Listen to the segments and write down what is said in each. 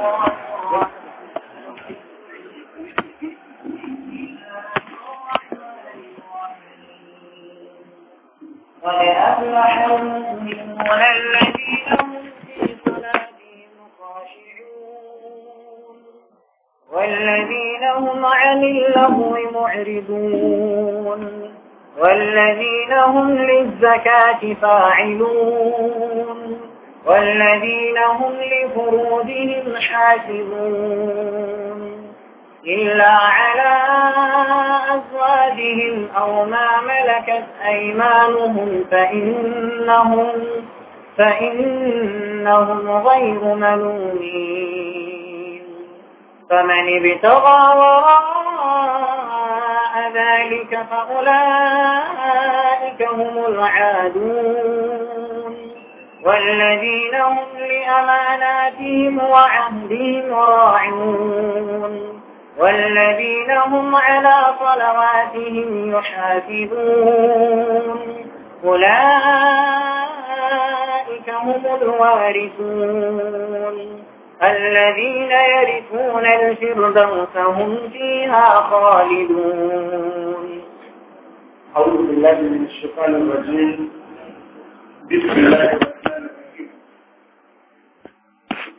هم في صلاتهم خاشعون والذين هم عن اللهو معرضون والذين هم للزكاة فاعلون والذين هم لفروجهم حافظون إلا على أزواجهم أو ما ملكت أيمانهم فإنهم, فإنهم غير ملومين فمن ابتغى وراء ذلك فأولئك هم العادون والذين هم لأماناتهم وعهدهم راعون والذين هم على صلواتهم يحافظون أولئك هم الوارثون الذين يرثون الفردوس هم فيها خالدون أعوذ بالله من الشيطان الرجيم بسم الله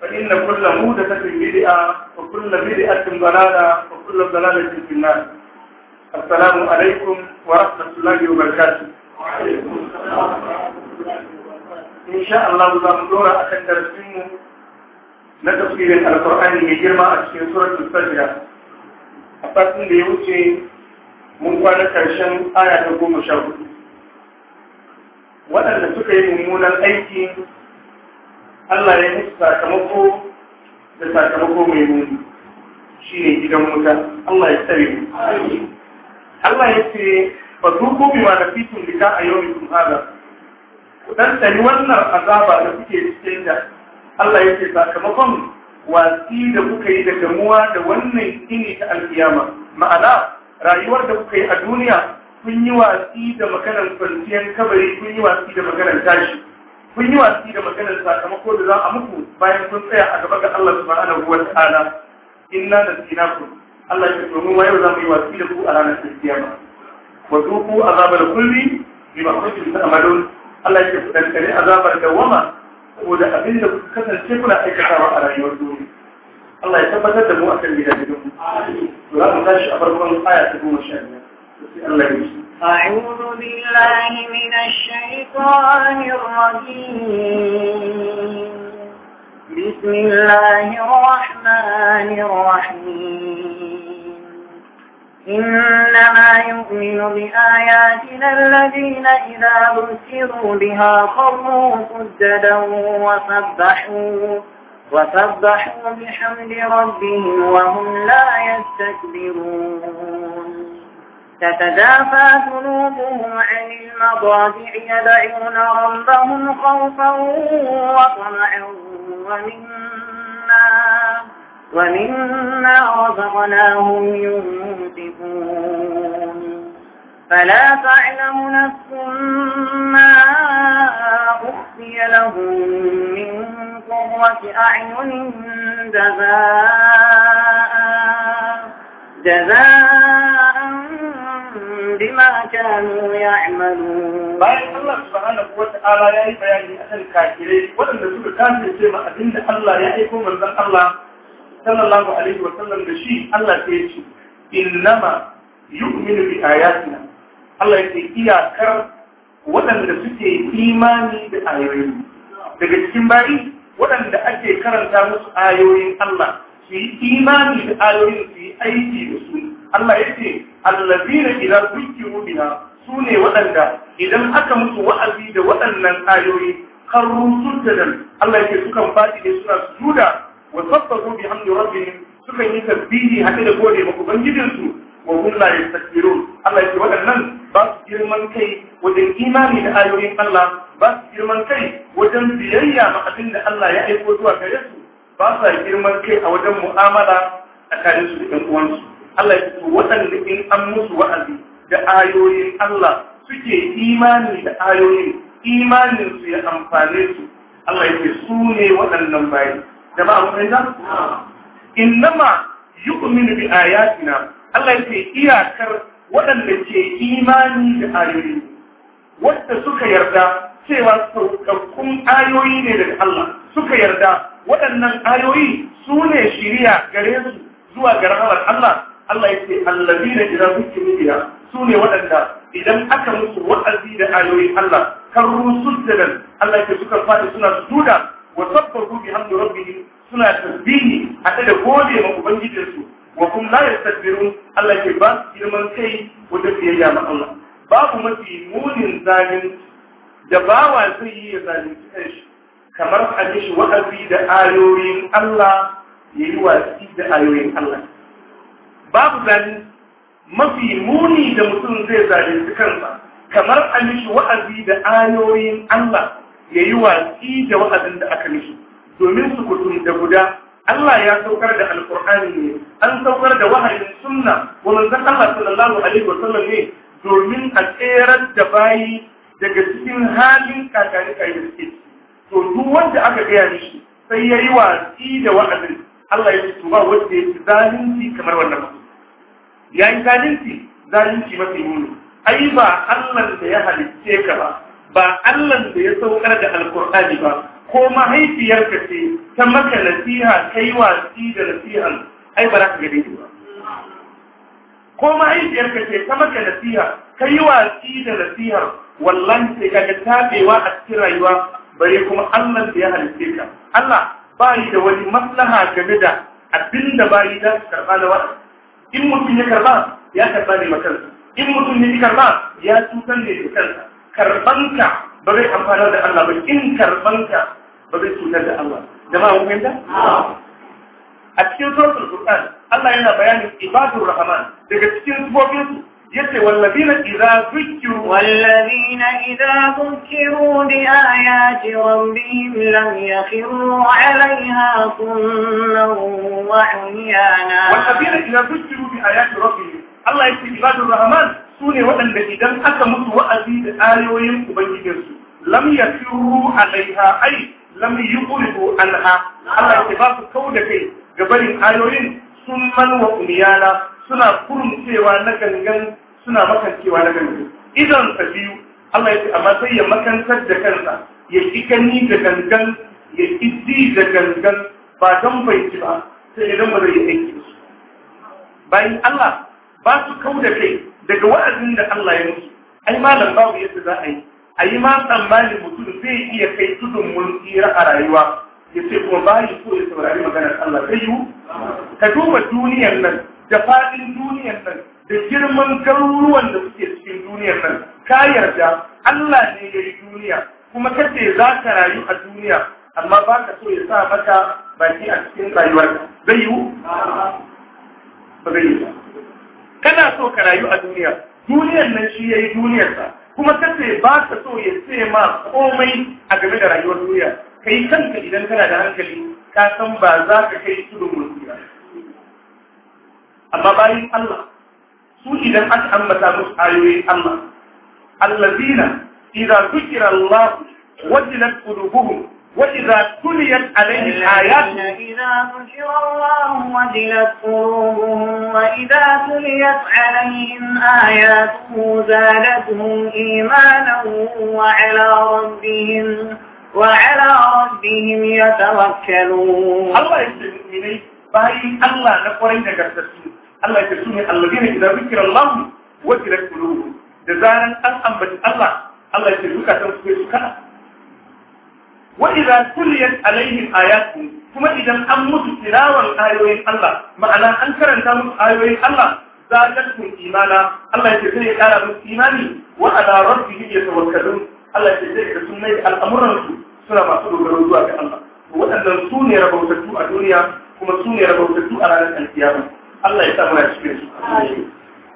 فإن كل مودة بدعة وكل بدعة ضلالة وكل ضلالة في النار السلام عليكم ورحمة الله وبركاته إن شاء الله زام دورا أكن درسينه نتفسير القرآن من جرمى أشكي سورة الفجرة أفاتن ليوتي mun kwana ƙarshen aya ta goma sha hudu waɗanda suka yi mummunan aiki Allah ya yi sakamako da sakamako mai muni shi ne gidan wuta Allah ya tsare mu Allah ya ce ba su kome ma da fitin ka a yau mutum hada ku ɗan tsari wannan azaba da kuke cikin da Allah ya ce sakamakon watsi da kuka yi da gamuwa da wannan ini ta alkiyama ma'ana rayuwar da kuka yi a duniya kun yi watsi da maganar kwanciyar kabari kun yi watsi da maganar tashi kun yi watsi da maganar sakamako da za a muku bayan kun tsaya a gaba ga Allah subhanahu wa ta'ala inna nasinakum Allah ya domin yau za mu yi watsi da ku a ranar kiyama wa duku azabal kulli bima kuntum ta'malun Allah ya ku dankare azabar dawama saboda abin da kuka kasance kuna aikatawa a rayuwar duniya Allah ya tabbatar da mu akan gidajen mu. Amin. Za mu tashi a farkon aya ta goma sha biyar. Allah ya yi أعوذ بالله من الشيطان الرجيم بسم الله الرحمن الرحيم إنما يؤمن بآياتنا الذين إذا بسروا بها خروا سجدا وسبحوا وسبحوا بحمد ربهم وهم لا يستكبرون تتدافى جنوبهم عن المضاجع يدعون ربهم خوفا وطمعا ومما, ومما رزقناهم ينفقون فلا تعلم نفس ما أخفي لهم من قوة أعين جزاء جزاء كانوا يعملون باين الله سبحانه وتعالى يا بيان أهل الكافرين ولن نسوك كافر سيما أدين الله يعيكم من ذن الله صلى الله عليه وسلم بشيء الله تيشي إنما يؤمن بآياتنا الله يتي إياكر ولن نسوك إيماني بآيوين daga cikin bayi waɗanda ake karanta musu ayoyin Allah su yi imani da ayoyin su yi aiki da su Allah ya ce allazina idan zukiru biha su ne waɗanda idan aka mutu wa'azi da waɗannan ayoyi kan rusuttadan Allah yake sukan faɗi ne suna sujuda wa sabbahu bi rabbihim sukan yi tasbihi haɗe da gode ma ubangijinsu wa hum la yastakbirun Allah yake waɗannan ba su girman kai wajen imani da ayoyin Allah ba su girman kai wajen biyayya ma abin da Allah ya aiko zuwa gare su ba sa girman kai a wajen mu'amala tsakaninsu da ɗan uwansu Allah ya waɗanda in an musu wa'azi da ayoyin Allah suke imani da ayoyin imanin su ya amfane su Allah ya ce su ne waɗannan bayi ba. mun fahimta innama yu'minu bi ayatina Allah ya ce iyakar waɗanda ke imani da ayoyi wadda suka yarda cewa saukakkun ayoyi ne daga Allah suka yarda waɗannan ayoyi su ne shirya gare su zuwa ga rahamar Allah Allah ya ce allazina idan suke midiya su ne waɗanda idan aka musu wa'azi da ayoyin Allah kan rusul da Allah ya ce suka fadi suna sujuda wa sabbahu bi hamdi rabbihim suna tasbihi a da gode ma ubangijinsu wa kuma la yastakbirun Allah ce ba su girman kai wanda biyayya ma Allah babu mafi munin zalunci da bawa zai yi ya zalunci kanshi kamar a shi wa'azi da ayoyin Allah ya yi watsi da ayoyin Allah babu zani mafi muni da mutum zai su kansa kamar a mishi wa'azi da ayoyin Allah ya yi watsi da wa'azin da aka mishi domin su kutum da guda Allah ya saukar da alkur'ani ne an saukar da wahayin sunna wa manzon Allah sallallahu alaihi wa sallam ne domin a tserar da bayi daga cikin halin kakani kai da suke to duk wanda aka gaya mishi sai ya yi watsi da wa'azin Allah ya ce to ba wanda ya ci zalunci kamar wannan mutum ya yi zalunci zalunci mafi muni ai ba Allah da ya halicce ka ba ba Allah da ya saukar da alkur'ani ba ko mahaifiyarka ce ta maka nasiha kai watsi da nasihan ai ba za ka gane ba ko mahaifiyarka ce ta maka nasiha kai watsi da nasihan. wallahi sai ga tabewa a cikin rayuwa bare kuma Allah da ya halicce ka Allah ba yi da wani maslaha game da abinda ba yi za su karɓa da wa'azi in mutum ya karba ya karba ne makansa in mutum ne karba ya cutar ne da kansa karbanka ba zai amfana da Allah ba in karbanka ba zai cutar da Allah jama'a mun fahimta a cikin suratul qur'an Allah yana bayanin ibadur rahman daga cikin sifofin yace wallazina idza zukiru wallazina idza zukiru bi ayati rabbihim lam yakhiru 'alayha sunnan wa 'umyana wallazina idza zukiru bi ayati rabbihim Allah yake ibadur rahman sune waɗanda idan aka mutu wa'azi da ayoyin ubangijinsu lam yakhiru 'alayha ay lam yuqribu anha Allah yake ba su kauda kai gabarin ayoyin sun man wa umyana suna kurmucewa na gangan suna makancewa na gani idan sa biyu Allah ya ce amma sai ya makantar da kansa ya ki gani da gangan ya ki ji da gangan ba don bai ci ba sai idan ba zai yi aiki da su bayan Allah ba su kau da kai daga wa'azin da Allah ya musu ai malam babu yadda za a yi a yi ma tsammanin mutum zai iya kai tudun mun tsira a rayuwa ya ce kuma bayi so ya saurari maganar Allah sai yiwu ka duba duniyar nan da faɗin duniyar nan da girman garuruwan da suke cikin duniyar nan ka yarda Allah ne ya yi duniya kuma kace za ka rayu a duniya amma ba ka so ya sa maka baki a cikin rayuwar zai yiwu ba zai yiwu kana so ka rayu a duniya duniyar nan shi ya yi duniyar sa kuma kace ba ka so ya ce ma komai a game da rayuwar duniya kai kanka idan kana da hankali ka san ba za ka kai tudun mulki ba amma bayan Allah su idan aka ambata musu ayoyin Allah allazina idza zukira Allah wajilat qulubuhum wa idza tuliyat alaihim ayatu idza zukira Allah wajilat qulubuhum wa idza tuliyat alaihim ayatu zadatuhum imanan wa ala rabbihim ya ربهم يتوكلون الله 'Allah na الله da نقرأ Allah ya ce su ne alladina idan zikira Allah wajilat qulubuhum da zaran an ambaci Allah Allah ya ce zukatan su su kada wa idan tuliyat alaihim ayatu kuma idan an musu tilawan ayoyin Allah ma'ana an karanta musu ayoyin Allah zadatkum imana Allah ya ce zai kara musu imani wa ala rabbihim yatawakkalun Allah ya ce zai da sunnai al'amuran su suna masu dogaro zuwa ga Allah waɗannan su ne rabautattu a duniya kuma su ne rabautattu a ranar alkiyama Allah ya sa mana cikin su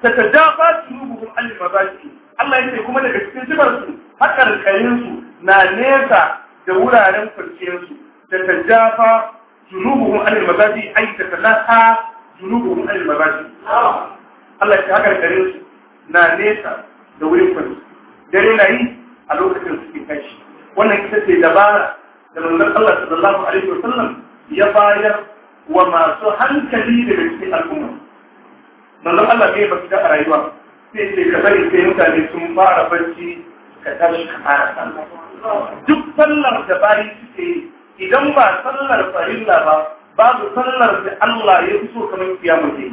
ta tajafa junubuhum an mabaki Allah ya ce kuma daga cikin sifar su na nesa da wuraren kwanciyarsu. su ta tajafa junubuhum an mabaki ai ta talaha junubuhum an mabaki Allah ya ce hakarkarin na nesa da wurin kwanci. dare na yi a lokacin su suke kashi. wannan ita ce dabara da manzon Allah sallallahu alaihi wa sallam ya bayar wa masu hankali daga cikin al'umma manzon Allah bai ba a rayuwa sai ce ka bari sai mutane sun fara barci ka tashi ka fara sallah duk sallar da bari suke idan ba sallar farilla ba babu sallar da Allah ya so kamar kiyama ke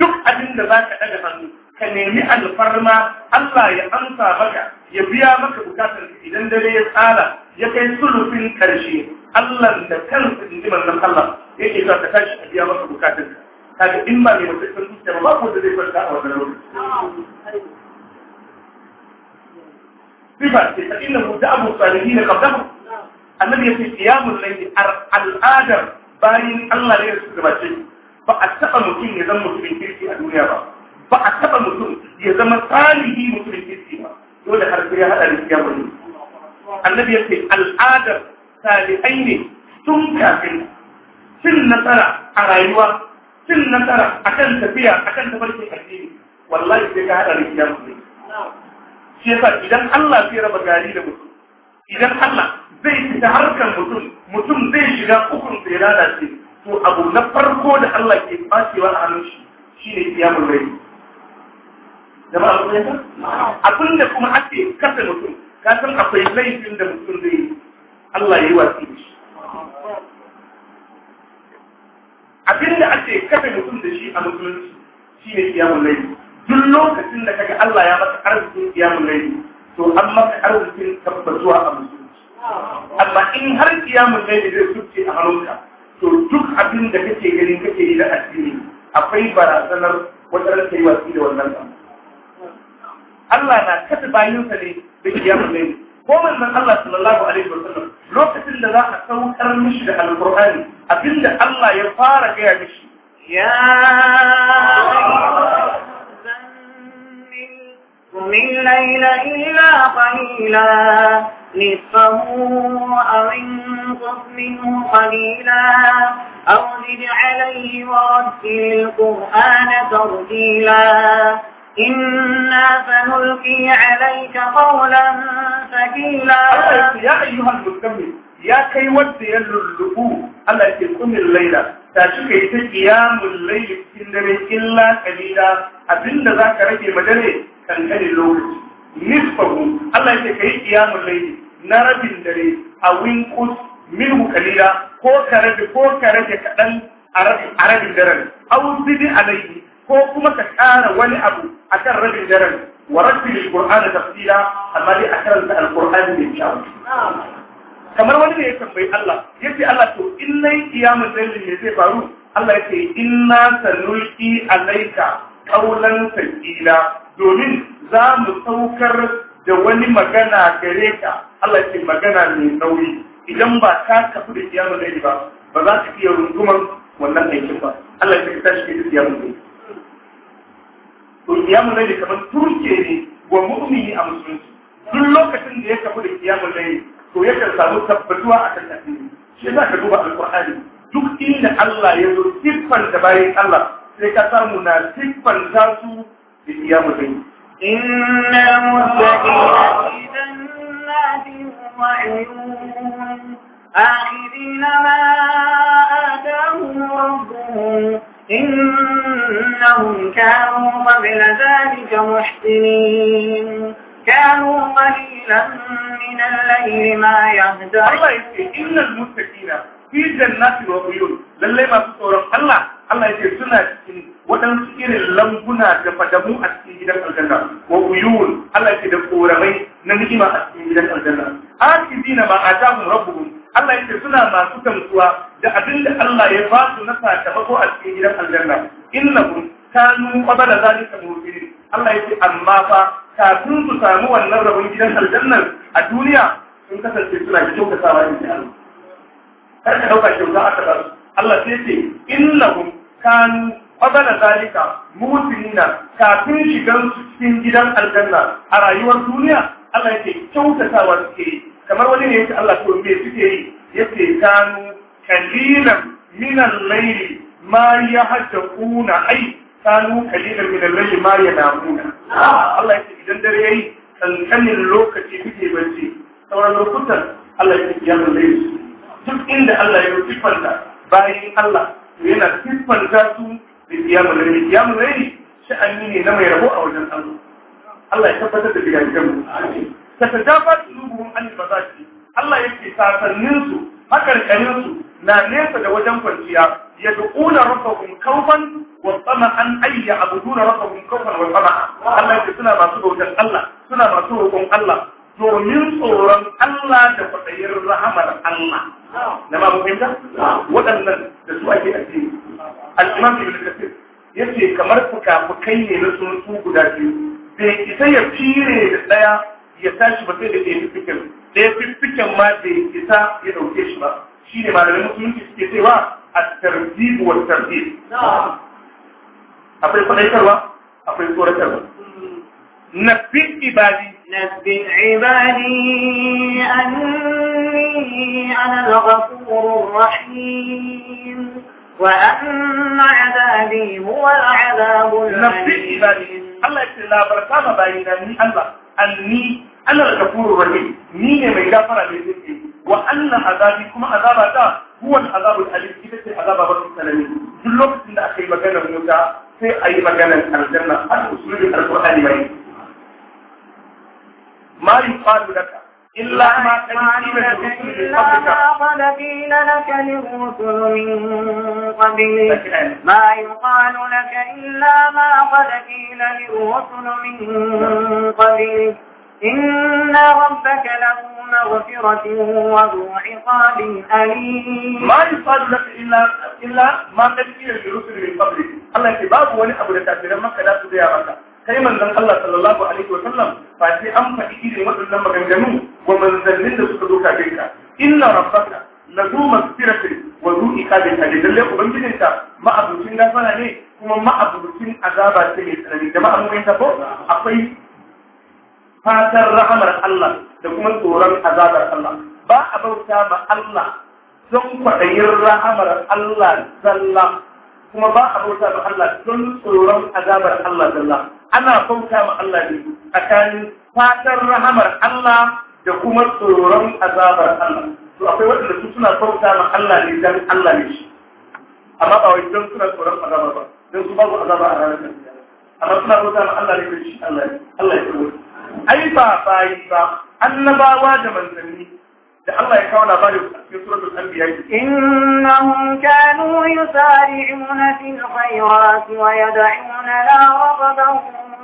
duk abin da za ka ɗaga hannu ka nemi alfarma Allah ya amsa maka ya biya maka bukatar idan dare ya tsara ya kai sulufin ƙarshe Allah da kansa in ji manzon Allah yake za ta tashi a biya masa bukatun kaga in ba mai mutum zuciya ba ko da zai kwanta a wannan lokaci sifa ce ta inna mu da'abu salihin qablahu annabi yace qiyamul layli al'adar bayin Allah ne su gabace ba a taba mutum ya zama mutumin kirki a duniya ba ba a taba mutum ya zama salihi mutumin kirki ba dole har sai ya hada da qiyamul layli annabi yace al'adar salihai ne tun kafin cin nasara a rayuwa cin nasara akan tafiya akan tafarkin addini wallahi sai ka hada rikiya musulmi shi yasa idan Allah zai raba gari da mutum idan Allah zai fita harkar mutum mutum zai shiga ukun sai lalace to abu na farko da Allah ke bacewa a hannun shi shine kiyamul layl jama'a kun abin da kuma ake kasa mutum ka san akwai laifin da mutum zai yi. Allah ya yi wasi shi Abin da ake kafe mutum da shi a musulunci shi ne kiyamun laifi duk lokacin da kaga Allah ya masa arzikin kiyamun laifi to an masa arzikin tabbatuwa a musulunci amma in har kiyamun laifi zai suce a hannunka to duk abin da kake ganin kake yi na addini akwai barazanar wajen kai watsi da wannan ba. Allah na kasa bayansa ne da kiyamun laifi ko manzon Allah sallallahu alaihi wasallam lokacin da za a saukar mishi da alƙur'ani abinda Allah ya fara gaya mishi ya من الليل إلا قليلا نصفه أو انقص منه قليلا أو زد عليه ورتل القرآن ترتيلا إنا سنلقي عليك قولا ثقيلا يا أيها المكمل يا كي ود يللقوا الله يكون الليلة tashi ka yi ta kiyamun laili cikin dare illa kalila abinda za ka rage ma dare kankani lokaci nisfahu Allah yake ka yi kiyamun laili na rabin dare a winkus minhu kalila ko rage ko kaɗan a rabin daren au zidi ko kuma ka ƙara wani abu a kan rabin daren wa rabbi da Qur'ana tafsira amma dai a karanta al-Qur'ani mai kyau kamar wani ne ya tambayi Allah yace Allah to in nayi qiyamul layl ne zai faru Allah yace inna sanulqi alayka qawlan thaqila domin za mu saukar da wani magana gare ka Allah yace magana mai nauyi idan ba ka kafu da qiyamul layl ba ba za ka iya rungumar wannan aikin ba Allah ya tashi ki qiyamul layl kiyamun laili kamar turke ne wa mu'mini a musulunci duk lokacin da ya kafu da kiyamun laili to yakan samu tabbatuwa a kan addini shi za ka duba alqur'ani duk inda Allah ya zo siffan da bayan Allah sai ka samu na siffan ta su da kiyamun laili inna muttaqina fi jannatin wa 'uyun آخذين ما آتاهم ربهم إن أنهم كانوا قبل ذلك محسنين كانوا قليلا من الليل ما يهدرون الله يقول إن المتقين fi jannati wa uyun lallai masu tsoron Allah Allah yake suna cikin waɗansu irin lambuna da fadamu a cikin gidan aljanna wa uyun Allah yake da koramai na ni'ima a cikin gidan aljanna akidina ma atahum rabbuhum Allah yake suna masu tamsuwa da abin da Allah ya ba su na sakamako a cikin gidan aljanna innahum kanu qabala zalika mu'minin Allah yake amma fa kafin su samu wannan rabon gidan aljanna a duniya sun kasance suna kyautatawa in Allah kar ka dauka kyauta aka ba Allah sai ce innahum kanu qabala zalika musinina kafin shigan su cikin gidan aljanna a rayuwar duniya Allah yake kyautatawa suke yi kamar wani ne yake Allah to me suke yi yake kanu kalilan min al-layli ma yahtaquna ai kanu kalilan min al-layli ma yanamuna Allah yake idan dare yayi kankanin lokaci kuke bacci sauran lokutan Allah yake ya mallai duk inda Allah ya siffanta bayan Allah yana siffanta su da kiyamun rai kiyamun rai sha'ani ne na mai rabo a wajen Allah Allah ya tabbatar da gidajen mu ta tajafa tsubuhun za bazaki Allah yake sasannin su makarkarin su na nesa da wajen kwanciya ya duƙuna rabbahum kawfan wa an ayya abuduna rabbahum kawfan wa tsama'an Allah yake suna masu bautan Allah suna masu roƙon Allah domin tsoron Allah da faɗayar rahamar Allah. Na ma fahimta? Waɗannan da su ake addini. Al-Imam Ibn Kathir yace kamar fuka-fukai ne na tsuntsu guda biyu. Bai isa ya fire da ɗaya ya tashi ba sai da ɗaya fiffiken. Ɗaya fiffiken ma bai isa ya ɗauke shi ba. Shi ne malamin musulunci suke cewa a tarbibu wa tarbibu. Akwai faɗaitarwa, akwai tsoratarwa. Na fi ibadi نبئ عبادي أني أنا الغفور الرحيم وأن عذابي هو العذاب الأليم الله يسلم بركاته بايدا من الله أني أنا الغفور الرحيم مين ما يغفر لذنبي وأن عذابي كما عذابك هو العذاب الأليم كيف عذاب رب العالمين كل وقت إن أخي مكانه موسى في أي مكان الجنة الأصول القرآن ما يجي ما يقال لك إلا ما قد قيل لك للرسل من قبلك ما يقال لك إلا ما قد قيل للرسل من قبلك إن ربك له مغفرة وذو عقاب أليم ما يقال لك إلا إلا ما قد قيل للرسل من قبلك الله يبارك ولي أبو لك أبو لك أبو لك kai manzon Allah sallallahu alaihi wa sallam fa sai an faɗi irin waɗannan maganganu wa manzannin da suka zo kafin ka inna rabbaka la zu masfiratin wa zu iqabin ali lalle ubangijinka ma'abucin gafara ne kuma ma'abucin azaba ce mai tsanani jama'a mun ta ko akwai fatan rahamar Allah da kuma tsoron azabar Allah ba a bauta ma Allah don kwaɗayin rahamar Allah zalla kuma ba a bauta ma Allah don tsoron azabar Allah zalla ana bauta ma Allah ne tsakanin fatan rahamar Allah da kuma tsoron azabar Allah to akwai waɗanda su suna bauta ma Allah ne don Allah ne shi amma ba wai don suna tsoron azabar ba don su babu azaba a ranar kiyama amma suna bauta ma Allah ne dan shi Allah ne Allah ya tsoro ai ba bayi ba annabawa da manzanni الله يكون غالب في سورة الأنبياء إنهم كانوا يسارعون في الخيرات ويدعوننا رغبا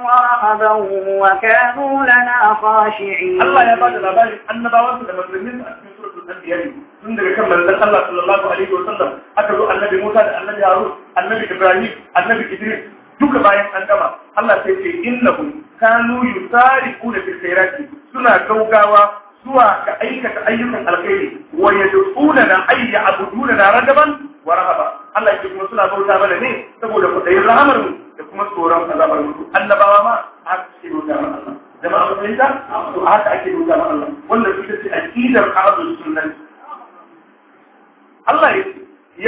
ورهبا وكانوا لنا خاشعين الله يبعد الأبارك أن نبعوث المسلمين في سورة الأنبياء من ذلك كم من الله صلى الله عليه وسلم أكدوا النبي موسى النبي هارون النبي إبراهيم النبي إدريس duka bayan an gama Allah sai ce innahum kanu yusari'una fil khairati suna gaugawa zuwa ga aikata ayyukan alkhairi wa ya yad'una na ay ya'buduna na ragaban wa rahaba Allah ya kuma suna bauta mana ne saboda kudayin rahamar mu da kuma tsoron azabar mu annabawa ma a haka suke bauta mana Allah jama'a mun ta, to haka ake bauta mana Allah wannan ita ce aqidar ahlus sunnah Allah ya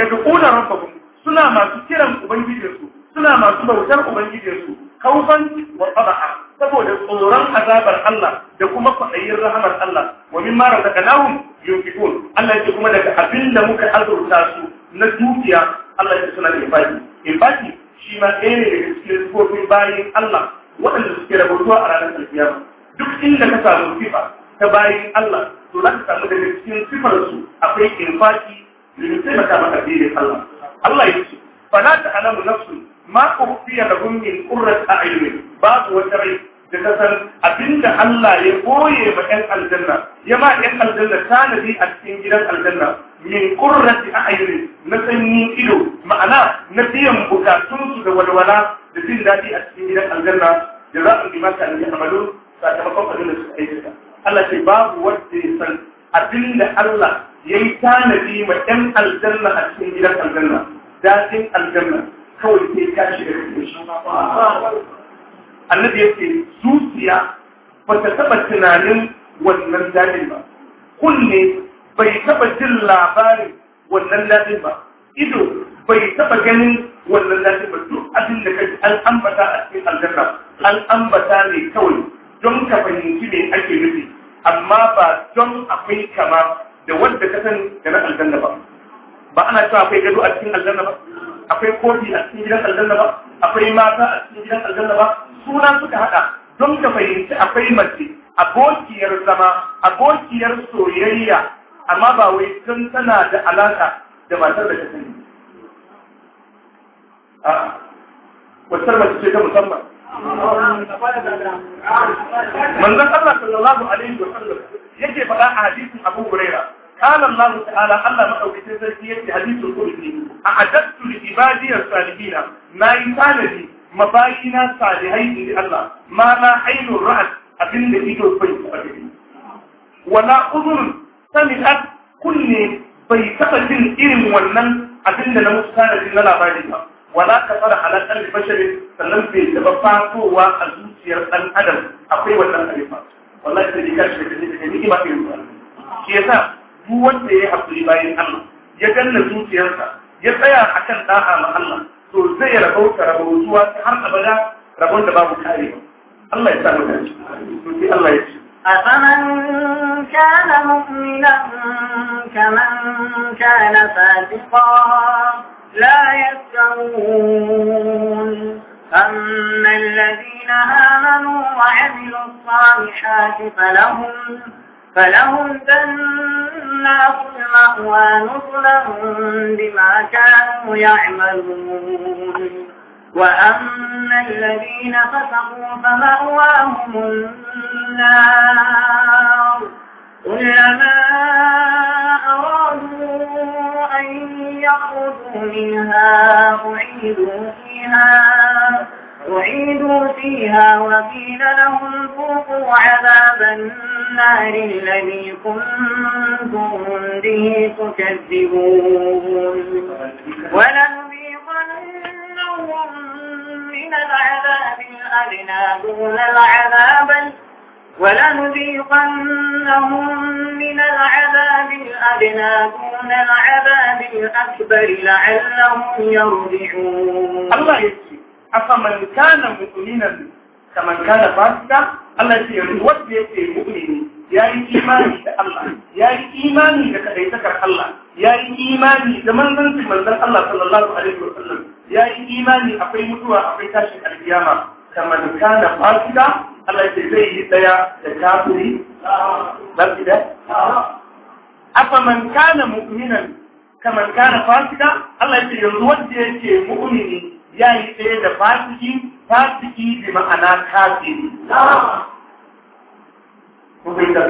yad'una rabbahum suna masu kiran ubangijinsu suna masu bautar ubangijinsu kauban wa taba'a saboda tsoron azabar Allah da kuma kwaɗayin rahamar Allah wa min mara daga nahum yunfiqun Allah ya ce kuma daga abin da muka azurta su na dukiya Allah ya ce suna da infaki infaki shi ma ɗaya ne daga cikin kofin bayan Allah waɗanda suke rabuwa a ranar alkiyama duk inda ka samu sifa ta bayan Allah to za ka samu daga cikin sifar su akwai infaki da ya taimaka maka biye Allah Allah ya ce fa la ta'lamu nafsun ma ufiya lahum min qurrat a'yun babu wata rai da kasan abinda Allah ya boye ma 'yan aljanna ya ba yan aljanna tanadi a cikin gidan aljanna min a a'yun na sanyin ido ma'ana na biyan bukatunsu da walwala da jin daɗi a cikin gidan aljanna da za su bi maka an yi amalu sakamakon abin da suka aikata Allah ce babu wanda ya san abinda Allah ya yi tanadi ma 'yan aljanna a cikin gidan aljanna daɗin aljanna kawai sai ka shiga cikin shi annabi ce zuciya ba ta taɓa tunanin wannan daɗin ba kunne bai taɓa jin labarin wannan daɗin ba ido bai taɓa ganin wannan daɗin ba duk abin da kaji an ambata a cikin aljanna an ambata ne kawai don ka fahimci ne ake nufi amma ba don akwai kama da wanda ka sani da na aljanna ba ba ana cewa akwai gado a cikin aljanna ba akwai kofi a cikin gidan aljanna ba akwai mata a cikin gidan aljanna ba sunan suka haɗa don ka fahimci akwai mace abokiyar zama abokiyar soyayya amma ba wai don tana da alaka da matar da ta sani wacce mace ce ta musamman manzon Allah sallallahu alaihi wa sallam yake faɗa a hadisin Abu Hurairah قال الله تعالى الله مدوكتين سركي يتي حديث القدسي أعددت لعبادي الصالحين ما يسالني مباينا صالحين لله ما لا عين رأت أبن لإيدو بيت أبن ولا أذن سمعت كل بيتقة إرم ونن أبن لمسكانة لنا بعدها wala ka fara halakar da bashirin sannan bai taɓa fatowa a zuciyar ɗan adam akwai wannan alifa wallahi sai ka shi da ni da ni ba irin ba shi yasa duk wanda ya haƙuri bayan Allah ya danna zuciyarsa ya tsaya akan da'a ma Allah to zai rabauta rabautuwa ta har abada rabon da babu kare Allah ya sa mu dace to sai Allah ya ce أفمن كان مؤمنا كمن كان فاسقا لا يستوون أما الذين آمنوا وعملوا الصالحات فلهم فلهم جنات المأوى نزلا بما كانوا يعملون وأما الذين فسقوا فمأواهم النار كلما أرادوا أن يخرجوا منها أعيدوا فيها أعيدوا فيها وقيل لهم فوقوا عذاب النار الذي كنتم به تكذبون ولنذيقنهم من العذاب الأدنى دون العذاب ولنذيقنهم من العذاب الأدنى دون العذاب الأكبر لعلهم يرجعون الله afaman kana mu'minan kaman kana fasika Allah ce yanzu wanda yake mu'mini yi imani da Allah Ya yi imani da kadaitakar Allah Ya yi imani da manzon manzon Allah sallallahu alaihi wasallam yi imani akwai mutuwa akwai tashin alkiyama kaman kana fasika Allah ce zai yi daya da kafiri ba ki da afaman kana mu'minan kaman kana fasika Allah ce yanzu wanda yake mu'mini ya yi tsaye da fasiki fasiki bi ma'ana kafiri ku bai da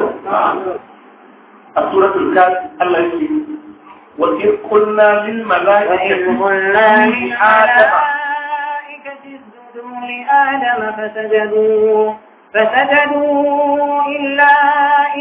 a suratul kafi Allah وإذ قلنا للملائكة اسجدوا لآدم فسجدوا فسجدوا إلا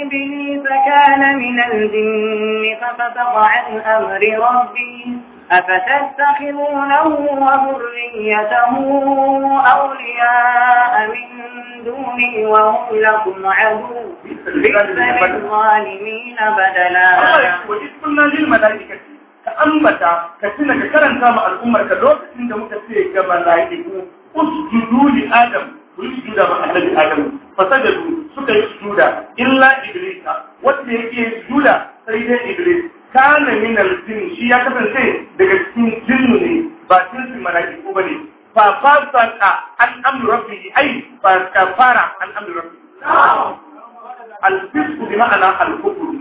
إبليس كان من الجن ففسق عن أمر ربه Akatattaki munawar murni ya samu aure.Abin duniya kun cafu,bisan abin walimi na badala. Kuma yake wani suna ka ci lokacin da muka fi gaban mala'iku. Kus junduli Adamu,buri juna ma'a'idadi Adamu. Fasajar duhu suka yi su juna illa Ibrahima. Wata ya fi juna sai dai Ibrahaimu. kana min al shi ya kasance daga cikin jinnu ne ba jinsin ko bane fa fasaka an amru rabbi ai fa fara an amru rabbi al-fisq bi ma'ana al-kufr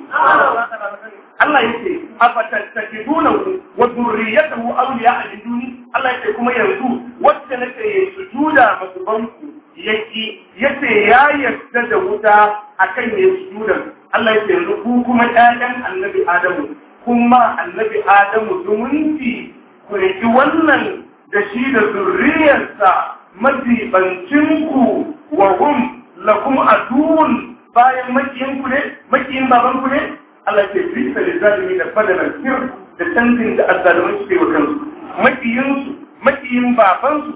Allah yake afatattakiduna wa dhurriyyatahu awliya'a duni Allah yake kuma yanzu wacce nake sujuda masubanku yake yace ya yarda da wuta akan ya sujudan Allah ya ce ku kuma ɗayan annabi Adamu kuma annabi Adamu zumunci ku riki wannan da shi da zurriyarsa majibancinku wa hum lakum aduun bayan ku ne makiyin babanku ne Allah ke bisa da zalimi da fadalar kir da canjin da azzaliman ke wa kansu su makiyin babansu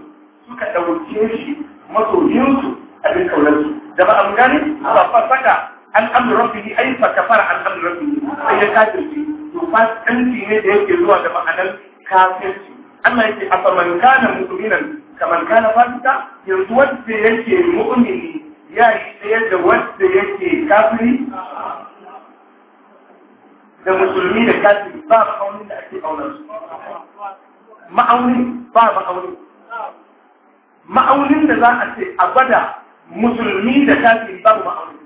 suka ɗauke shi masoyinsu bin kaunarsu jama'a mun gane ba fa saka an amru rabbihi ay fa kafara an amru rabbihi sai ya kafirci to fasikanci ne da yake zuwa da ma'anar kafirci Allah yake afaman kana mu'minan kaman kana fasika yanzu wanda yake mu'mini ya yi tsaye da wanda yake kafiri da musulmi da kafiri ba ma'aunin da ake su ma'auni ba ma'auni ma'aunin da za a ce a gwada musulmi da kafin babu ma'auni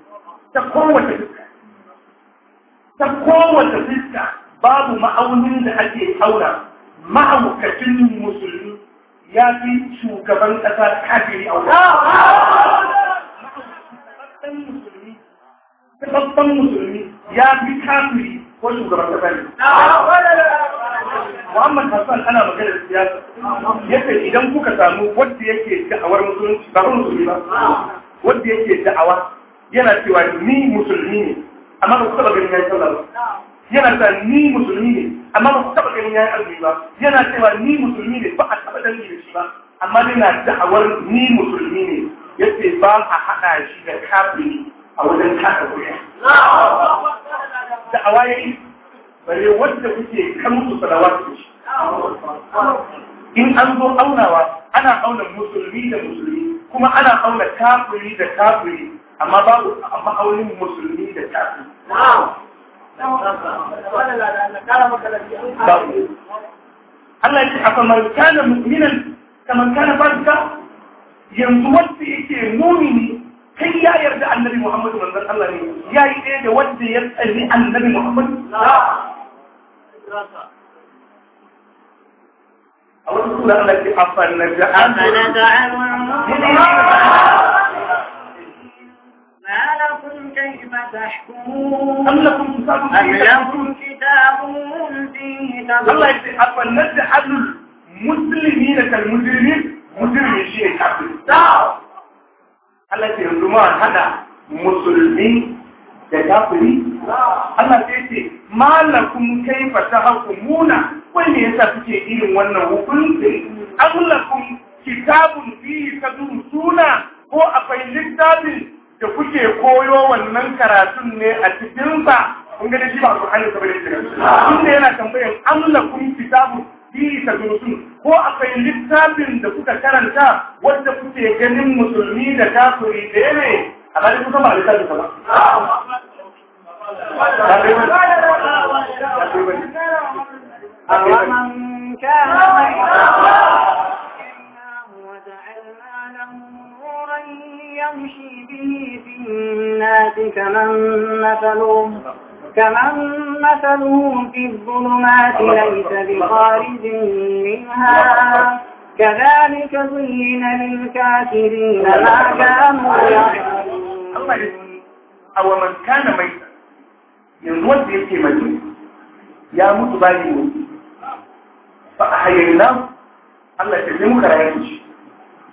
ta kowace fuska ta kowace fuska babu ma'aunin da ake haura ma'aukacin musulmi ya fi shugaban ƙasa kafiri a wani babban musulmi ya fi kafiri ko shugaban ƙasa ne Muhammad Hassan ana maganar siyasa yake idan kuka samu wanda yake da'awar musulunci ba musulmi ba wanda yake da'awa yana cewa ni musulmi ne amma ba ku taba ganin yayi sallah ba yana ta ni musulmi ne amma ba ku taba ganin yayi azumi ba yana cewa ni musulmi ne ba a taba ganin da shi ba amma yana da'awar ni musulmi ne yace ba a hada shi da kafiri a wajen kasa koya da'awa yayi bare wanda kuke kamsu salawatu shi in an zo aunawa ana auna musulmi da musulmi kuma ana auna kafiri da kafiri amma babu amma aunin musulmi da kafiri Allah ya ce a kamar kana mu'minan kamar kana farka yanzu wanda yake mumini kai ya yarda annabi Muhammadu manzon Allah ne yayi ɗaya da wanda ya tsani annabi Muhammadu أو تقول لك أفنجعل أفنجعل ما لكم كيف تحكمون أم لكم كتاب أم لكم كتاب فيه تدرسون الله يقول أفنجعل المسلمين كالمجرمين مجرمين شيء كافر Allah ce yanzu ma hana musulmi da kafiri Allah sai ce malakum haku muna wai ya yasa kuke irin wannan hukunci amlakum kitabun fihi suna ko akwai littafin da kuke koyo wannan karatun ne a cikin ba. kun ga shi ba ku hanyar saboda shi tunda yana tambayan amlakum kitabun fihi tadrusun ko akwai littafin da kuka karanta wanda kuke ganin musulmi da kafiri da ne a ba kuka ba littafin ba أَوَمَنْ كَانَ كان وجعلنا له نورا يمشي به في الناس كمن مثله كمن مثله في الظلمات ليس بخارج منها كذلك زين للكافرين ما كانوا يعلمون أو من كان ميتا yanzu wanda yake mace ya mutu ba ne ba a hayayi na Allah ya sai muka rayar shi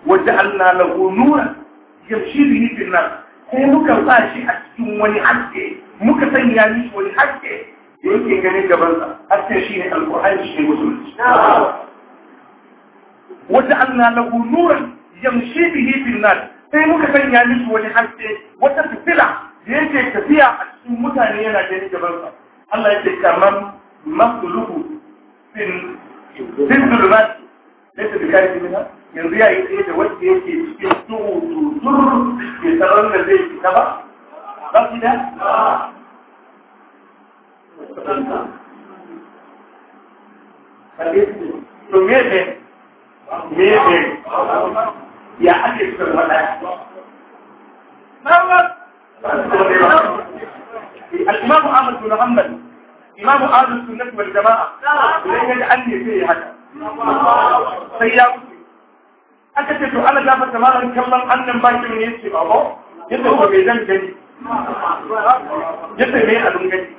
wadda Allah lahu nura yamshi bihi fil nas sai muka sa shi a cikin wani haske muka sanya mishi wani haske da yake ganin gabansa haske shi ne alƙur'ani shi ne musulunci wadda Allah lahu nura yamshi bihi fil nas sai muka sanya mishi wani haske wata fitila da yake tafiya a mutane yana gani gabansa Allah ya ce kamar masuluhu sin sin zulmat laysa bi karihi minha yanzu ya yi tsaye da wanda yake cikin duhu tutur ke tsaron da zai fita ba ba shi da to me ne me ne ya ake suka zama ɗaya الإمام آمد بن محمد إمام آمد السنة والجماعة لا يجعلني فيه هذا أنا أنت تتو أنا جافة تماما كلا أنا ما يجب أن يسي بابا يتو بميزان جدي يتو مي ألم جدي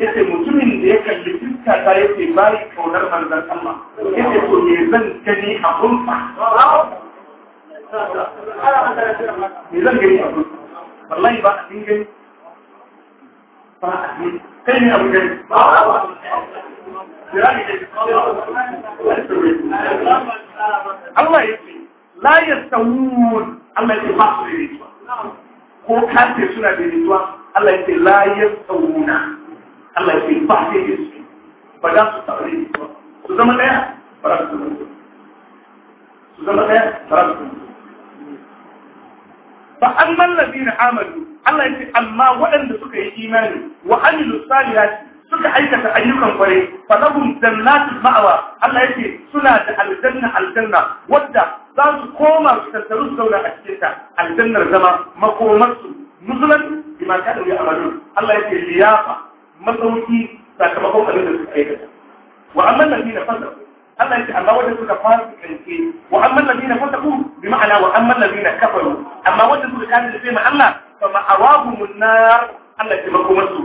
يتو مسلم ديكا يتلك تايف إباري كونر من ذا سما يتو ميزان جدي أخم ميزان جدي أخم والله يبقى أخم جدي فين ابو جليل الله يكفي لا يستوون الله يكفي باصر يريدوا ko kafin suna da rituwa Allah ya ce la yastawuna Allah ya ce ba sai su ba za su taɓa rituwa su zama ɗaya ba za su zama su zama ɗaya ba za su zama fa amman ladina amanu Allah ya ce amma waɗanda suka yi imani wa amilu salihati suka aikata ayyukan kwarai fa lahum jannatul ma'wa Allah ya ce suna da aljanna aljanna wadda za su koma su tattaru su zauna a cikin ta aljannar zama makomarsu nuzulan bima kanu ya'malun Allah ya ce liyafa masauki sakamakon abin da suka aikata wa amma ladina fasaku Allah ya ce amma wanda suka fasu kanke wa amma ladina fasaku bi ma'ana wa amma ladina kafaru amma wanda suka kafirce ma Allah fa ma'awahum an-nar Allah ya makomar su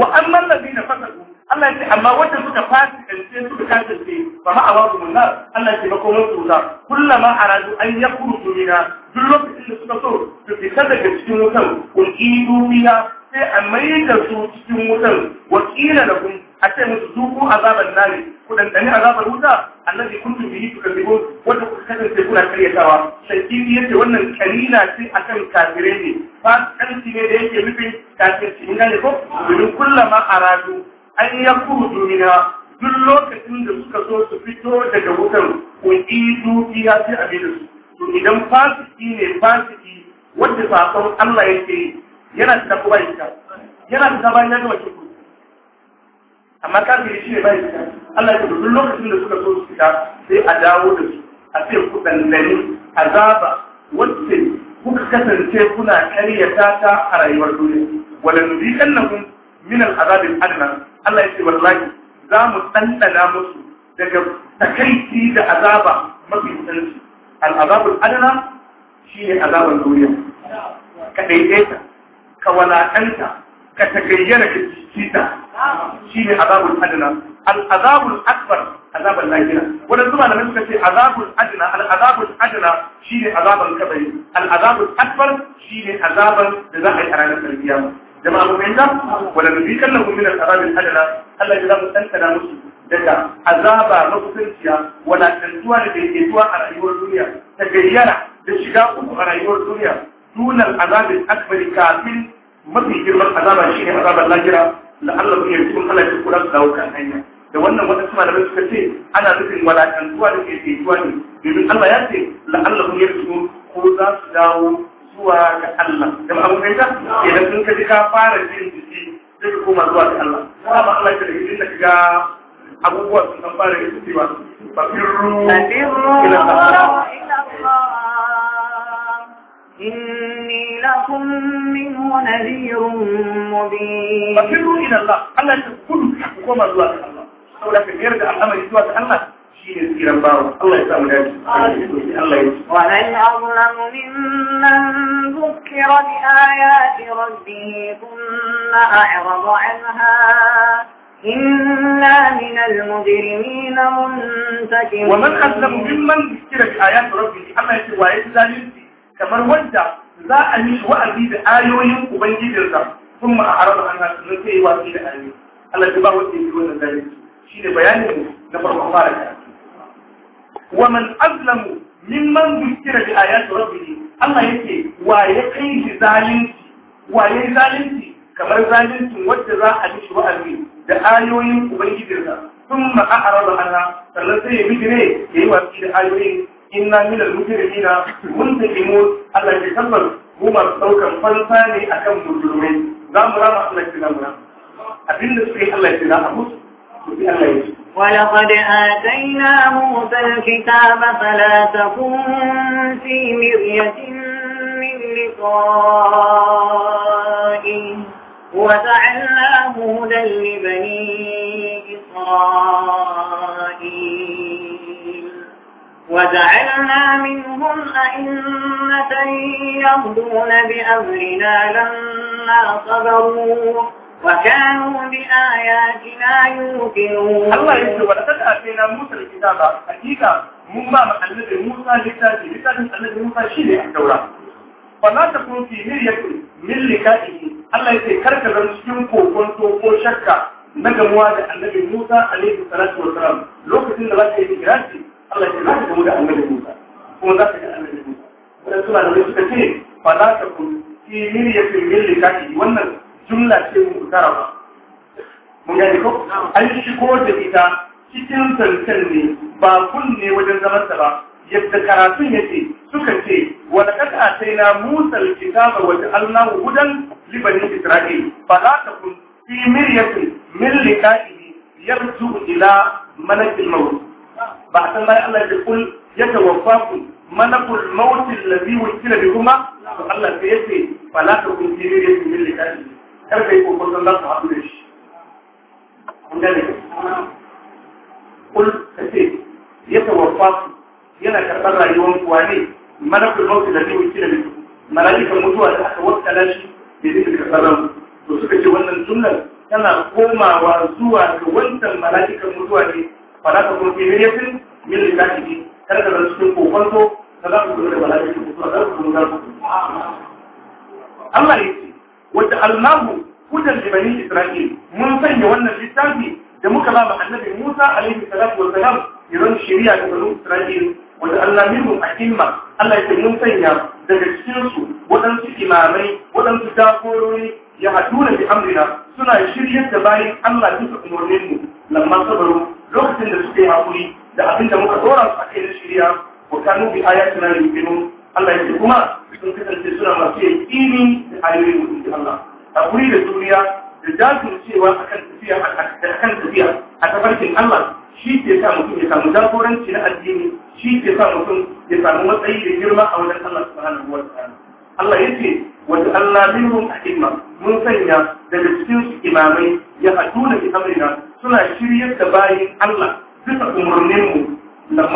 wa amma alladhina fasadu Allah ya ce amma wanda suka kan ce suka kafirce fa ma'awahum an-nar Allah ya makomar su da kullama aradu an yakhruju minha duk lokacin da suka so su fita daga cikin wutan kun idu biya sai a mai da su cikin wutan wa da lahum a ce musu duku azabar nari ku dandani azabar wuta annabi kuntum bihi tukadzibun wanda kuka kasance kuna karyatawa shankiri yace wannan kalila ce akan kafirai ne fasikanci ne da yake nufin kafirci in gane ko domin kullama aradu an yakhruju minha duk lokacin da suka zo su fito daga wutan kundidu fiya sai abin su to idan fasiki ne fasiki wanda sakon Allah yake yana da kuma yana da bayan da wace amma kafiri shi ne bai fita Allah ya duk lokacin da suka zo su fita sai a dawo da su a ce ku dandani azaba wacce kuka kasance kuna karyata ta a rayuwar duniya wala nuziqannakum min al-azab al-adna Allah ya ce wallahi za mu dandana musu daga takaici da azaba mafi tsanci al-azab al-adna shine azaban duniya ka daidaita ka walakanta ka tagayyara kici Sita shi ne azabul adna al azabul akbar azabul lahira wannan zuma da suka ce azabul adna al azabul adna shi ne azabul kabari al azabul akbar shi ne azaban da za a yi a ranar kiyama jama'a mun fahimta wala nuzikan na min al azabil adna Allah ya zama tantana musu daga azaba makusanciya wadatantuwa da daidaituwa a rayuwar duniya ta gayyara da shiga uku a rayuwar duniya dunan azabin akbari kafin mafi girman azaba shi ne azaban lahira da Allah ya yi tun Allah ya kula su dawo kan hanya da wannan wata suna da suka ce ana nufin walakantuwa da ke teituwa ne domin Allah ya ce la Allah ya yi ko za su dawo zuwa ga Allah da ba mai ta idan kun kaji ka fara jin jiki sai ka koma zuwa ga Allah amma Allah ya ce da ka ga abubuwa sun dan fara yin cewa fa firru ila Allah إني لكم منه نذير مبين ففروا إلى الله الله يقول كما الله ولكن يرجع الأمر يسوى الله ومن أظلم ممن ذكر بآيات ربه ثم أعرض عنها إنا من المجرمين منتكمين ومن أظلم ممن ذكر بآيات ربه أما يتوى يتزالين kamar wadda za a yi wa'azi da ayoyin ubangijinsa sun ma a araba an hasu sun sai watsi da ayoyi Allah ya ba wanda ya yi wannan zalunci shine bayanin na farkon fara karatu wa man azlamu mimman zikira bi ayati rabbih Allah yake wa ya kai shi zalunci wa ya yi zalunci kamar zalunci wadda za a mishi wa'azi da ayoyin ubangijinsa sun ma a araba an sannan sai ya miji ne ya yi watsi da ayoyin inna min al-mujrimina muntaqimun Allah ya tabbata mu ma daukan fansa ne akan mujrimai za mu rama Allah ya rama abinda suke Allah ya rama musu sai Allah ya ولقد آتينا موسى الكتاب فلا تكن في مرية من لقائه وجعلناه هدى لبني إسرائيل وجعلنا منهم أئمة يهدون بأمرنا لما صبروا وكانوا بآياتنا يوقنون الله يسلم ولقد آتينا موسى الكتاب حقيقة مما محلد موسى لتاتي لتاتي محلد موسى شيء الدورة فلا تكون في مرية من لكائه الله يسلم كرك رمسيون كوكونتو كوشكا نجموا هذا النبي موسى عليه الصلاة والسلام لوكتين لك إجراجي Allah ya za ka da annabi Musa wannan suna da wani suka ce fa za ka kun fi min likafi wannan jumla ce mun tara ba mun gane ko an shigo da ita cikin zancen ne ba kunne wajen zaman ba yadda karatun ya ce suka ce Wani wala kad ataina musa alkitaba wa wajen hudan li libanin isra'il fa la takun fi miryatin min liqa'ihi yarju ila malakil maut ba a san bayan Allah ya kul ya tawaffaku malakul maut allazi wukila bihuma Allah sai yace fala ta kun fi ne min likashi kar kai ko kun san za ku haɗu da shi kun gane kul kace ya tawaffaku yana karɓar rayuwar kuwa ne malakul maut allazi wukila bihuma mala'ikan mutuwa da aka wakkala shi da zai karɓar ran to suka ce wannan jumlar tana komawa zuwa ga wancan mala'ikan mutuwa ne fala ta kuma fi riyatin min lillahi kada ka zama cikin kokonto ka za ku da bala'i da kuma za ku kuma ku Allah ya ce wata Allahu hudan libani Isra'il mun sanya wannan littafi da muka ba ma annabi Musa alaihi salatu wa salam yaron shari'a da banu Isra'il wanda Allah minhum a'imma Allah ya ce mun sanya daga cikin su waɗansu imamai waɗansu jagorori ya haduna bi amrina suna shiryar da bayan Allah duka umarnin mu lamma sabaru lokacin da suke hakuri da abin da muka dora su akai na shirya ko kanu bi ayatuna yuqinun Allah ya kuma sun kasance suna masu yaƙini da ayoyin mutunci Allah hakuri da duniya da jajircewa akan tafiya akan tafiya a tafarkin Allah shi ke sa mutum ya samu jagoranci na addini shi ke sa mutum ya samu matsayi da girma a wajen Allah subhanahu wa ta'ala Allah yace wata Allah a a'imma mun sanya daga cikin imamai ya da bi amrina suna shiryar da bayan Allah bisa umarninmu mu da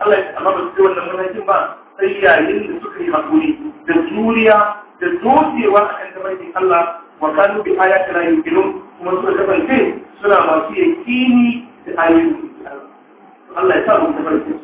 Allah ya amma ba su wannan ba sai yayin da suka yi hakuri da juriya da dokewa a kan tabarkin Allah wa kanu bi yin yuqinun kuma suka kasance suna masu yakini da ayoyin Allah ya sa mu tabarkin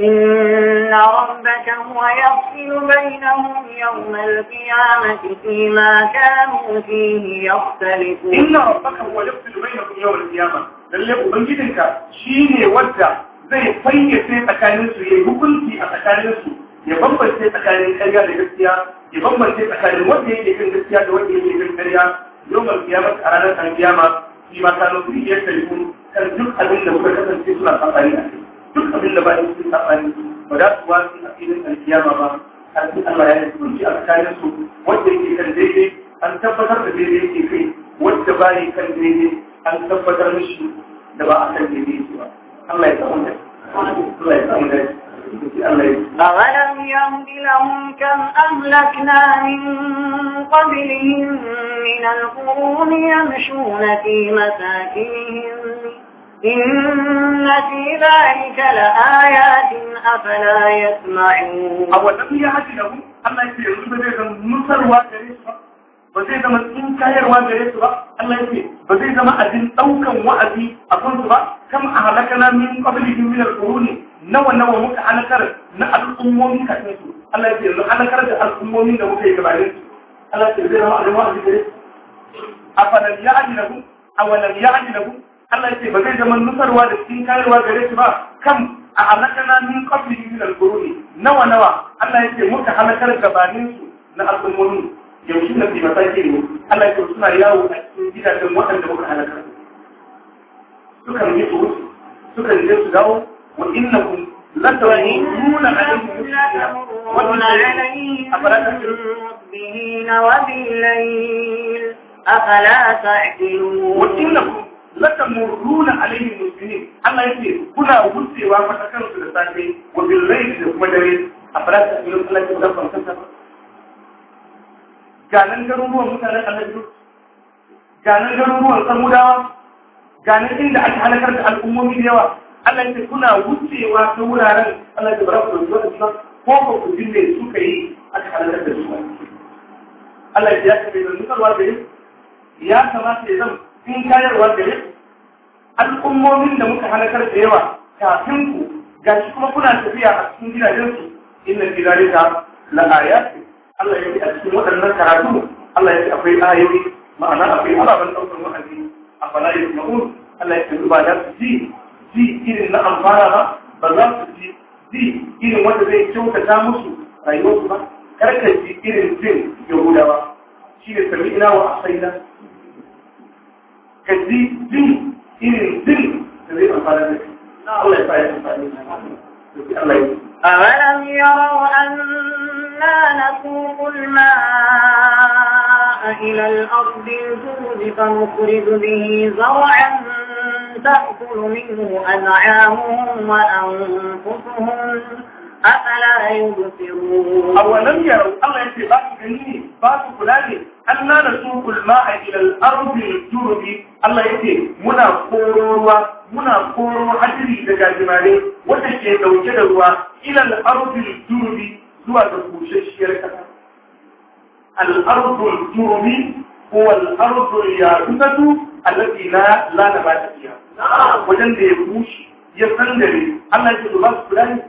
إن ربك هو يفصل بينهم يوم القيامة فيما كانوا فيه يختلفون إن ربك هو يفصل بينهم يوم القيامة للي أبنجدك شيني ودع zai fayyace tsakaninsu ya yi hukunci a tsakaninsu ya bambance tsakanin karya da gaskiya ya bambance tsakanin wanda yake kan gaskiya da wanda yake kan karya yau a ranar kiyama shi ma kanu kan duk abinda da kasance suna a duk abin da ba da cikin sabani ba za su wasu a filin alkiyama ba har sai Allah ya yi kunci a tsakanin su wanda yake kan daidai an tabbatar da daidai yake kai wanda ba ya kan daidai an tabbatar da shi da ba a kan daidai yake ba Allah ya samu da Allah ya samu da أولم يهد لهم كم أهلكنا من قبلهم من القرون يمشون في مساكنهم إن في ذلك لآيات أفلا يسمعون أبو النبي يحكي له الله يسمع يقول بذيزم نصر وادريسها بذيزم الإنكاير وادريسها الله يسمع بذيزم أدين أوكم وأدي أكونتها كم أهلكنا من قبلهم من القرون nawa nawa muka halakar na al'ummomi kafin su Allah ya ce yanzu halakar da al'ummomin da muka yi gabanin su Allah ya ce zai rawa al'umma a zikirin afalan ya'ani lahu awalan Allah ya ce ba zai zama nufarwa da cikin kayarwa gare shi ba kam a halakana min qabli min al-quruni nawa nawa Allah ya yake muka halakar gabanin su na al'ummomi yaushe na fi mataki ne Allah ya ce suna yawo a cikin gidajen waɗanda muka halakar sukan yi su sukan je su dawo wa innakum lan tawahimuna alaihim afala tasrifun وبالليل أفلا تعقلون وإنكم lakan murruna alayhi muslimin Allah yake kuna wucewa mata kansu da safe wa bil da kuma dare a farasa ne Allah ya zaba kansa ga nan garuruwan mutanen Annabi ga nan garuruwan samuda ga nan inda aka halakar da al'ummomi da yawa Allah yake kuna wucewa ta wuraren Allah ya baraka da wannan ko ko ku dinne suka yi aka halakar da su Allah ya ce da nuna wa da ya kamata ya zama sun kayarwa da yi? al'ummomin da muka halakar da yawa kafin ku ga shi kuma kuna tafiya a cikin gidajen su inda fi ta la'aya Allah ya yi a cikin waɗannan karatu Allah ya fi akwai ayoyi ma'ana akwai ababen ɗaukar wa'azi a bala ya ma'un Allah ya yi ba da su ji ji irin na amfana ba ba za su ji ji irin wanda zai kyautata musu rayuwarsu ba karkar ji irin jin yahudawa shi ne ina wa na كان دي دي إيه دي الله يفعل ذلك أولم يروا أنا نسوق الماء إلى الأرض الجود فنخرج به زرعا تأكل منه أنعامهم وأنفسهم أفلا يبصرون أولم يروا الله يتبعك جنيه باسوا فلاني anna nasuqul ma'a ila al-ardi turubi Allah yake muna koro muna koro hajiri da jimare wanda ke dauke da ruwa ila al-ardi zuwa ga kushashiyar kasa al-ardu turubi huwa al-ardu al-yaqutatu allati la la nabata fiha wajen da ya bushe ya sandare Allah ya ce ba su fulani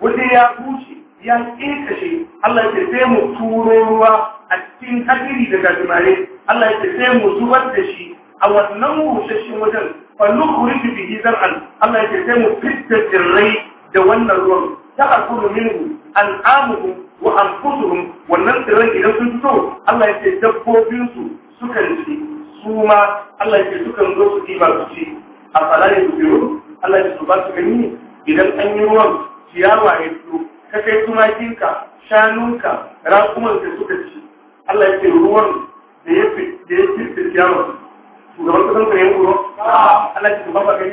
wanda ya bushe ya kinkashe Allah ya ce sai mu turo ruwa a cikin hadiri da gajimare Allah ya ce sai mu zubar da shi a wannan rusasshen wajen fallu kuriji bihi zar'an Allah ya ce sai mu fitta tsirrai da wannan ruwan ta akulu minhu al'amuhum wa anfusuhum wannan tsirrai idan sun fito Allah ya ce dabbobinsu sukan ci su ma Allah ya ce sukan zo su ɗiba su ci a falaye su biyo Allah ya ce su ba su gani idan an yi ruwan ciyawa ya fito ka kai tumakinka shanunka rakumanka suka ci Allah ya ce ruwan da ya fi da ya da ciyawa shugaban kasan ka yan wuro Allah ya ce ba ba kai